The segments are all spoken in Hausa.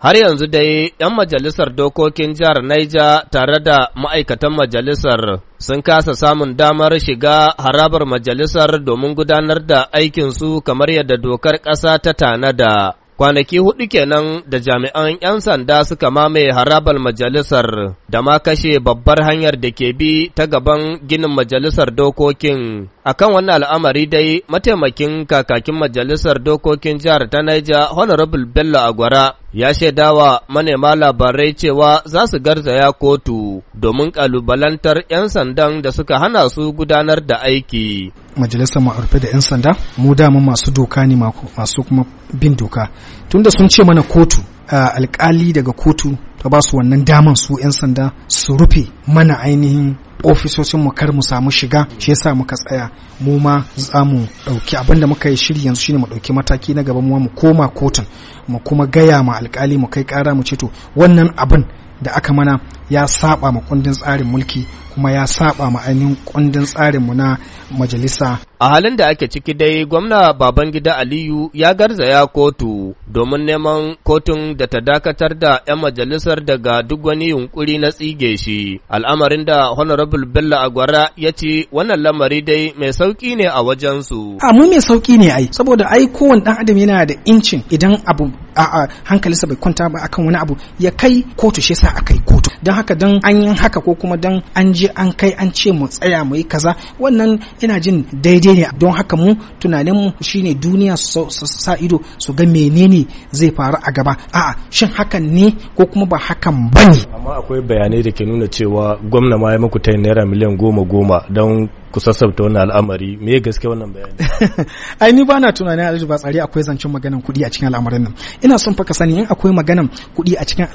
Har yanzu dai ‘yan majalisar dokokin jihar Naija tare da ma'aikatan majalisar sun kasa samun damar shiga harabar majalisar domin gudanar da aikinsu kamar yadda dokar ƙasa ta tanada. Kwanaki hudu kenan da jami'an ‘yan sanda suka mamaye harabar majalisar da ma kashe babbar hanyar da ke bi ta gaban ginin majalisar dokokin. a kan wani al'amari dai mataimakin kakakin majalisar dokokin jihar ta Naija Honorable Bello Agwara ya shaidawa manema labarai cewa za su garzaya kotu domin kalubalantar 'yan sandan da suka hana su gudanar da aiki. Majalisar ma'arfe da 'yan sanda mu dama masu doka ne masu kuma bin doka tunda sun ce mana kotu alkali daga kotu ta ba su wannan daman su 'yan sanda su rufe mana ainihin ofisoshin mu kar mu samu shiga shi yasa muka tsaya mu ma za mu dauki abinda muka yi shiri yanzu shine mu dauki mataki na gaba mu mu koma kotun mu kuma gaya ma alkali mu kai kara mu ce to wannan abin da aka mana ya saba ma kundin tsarin mulki kuma ya saba ma'anin ainihin kundin tsarinmu na majalisa. A halin da ake ciki dai gwamna Babangida Aliyu ya garzaya kotu domin neman kotun da ta dakatar da 'yan majalisar daga duk wani yunkuri na tsige shi. Al'amarin da Honorable Bello Agwara ya ce wannan lamari dai mai sauki ne a wajensu. A mu mai sauki ne ai, saboda ai kowane ɗan adam yana da incin idan abu a'a hankalinsa bai kwanta ba akan wani abu ya kai kotu shi yasa yi kotu don haka don an yi haka ko kuma don an je an kai an ce mu tsaya mu yi kaza wannan ina jin daidai ne don haka mu tunanin mu shine duniya su sa ido su ga menene zai faru a gaba a'a shin hakan ne ko kuma ba hakan bane amma akwai bayanai da ke nuna cewa gwamna ma ya muku tayin naira miliyan goma goma don ku sassabta wannan al'amari me gaske wannan bayanai. ai ni bana tunanin alhaji ba tsari akwai zancen maganan kuɗi a cikin al'amarin nan ina son fa sani in akwai maganan kuɗi a cikin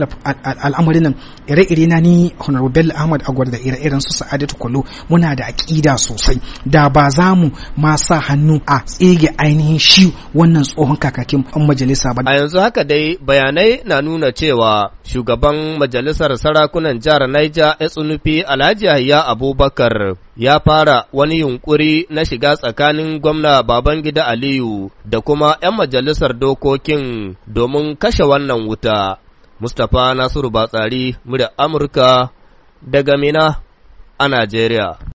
al'amarin nan ire-ire na ni honorable bello ahmad agwar da ire-iren su sa'adatu kwallo muna da aƙida sosai da ba za mu ma sa hannu a tsege ainihin shi wannan tsohon kakakin majalisa ba a yanzu haka dai bayanai na nuna cewa shugaban majalisar sarakunan jihar Niger Etsunufi Alhaji Yahya Abubakar ya fara wani yunƙuri na shiga tsakanin gwamna Babangida Aliyu da kuma 'yan majalisar dokokin domin kashe wannan wuta. Mustapha Nasiru Batsari, murya Amurka daga Mina a Najeriya.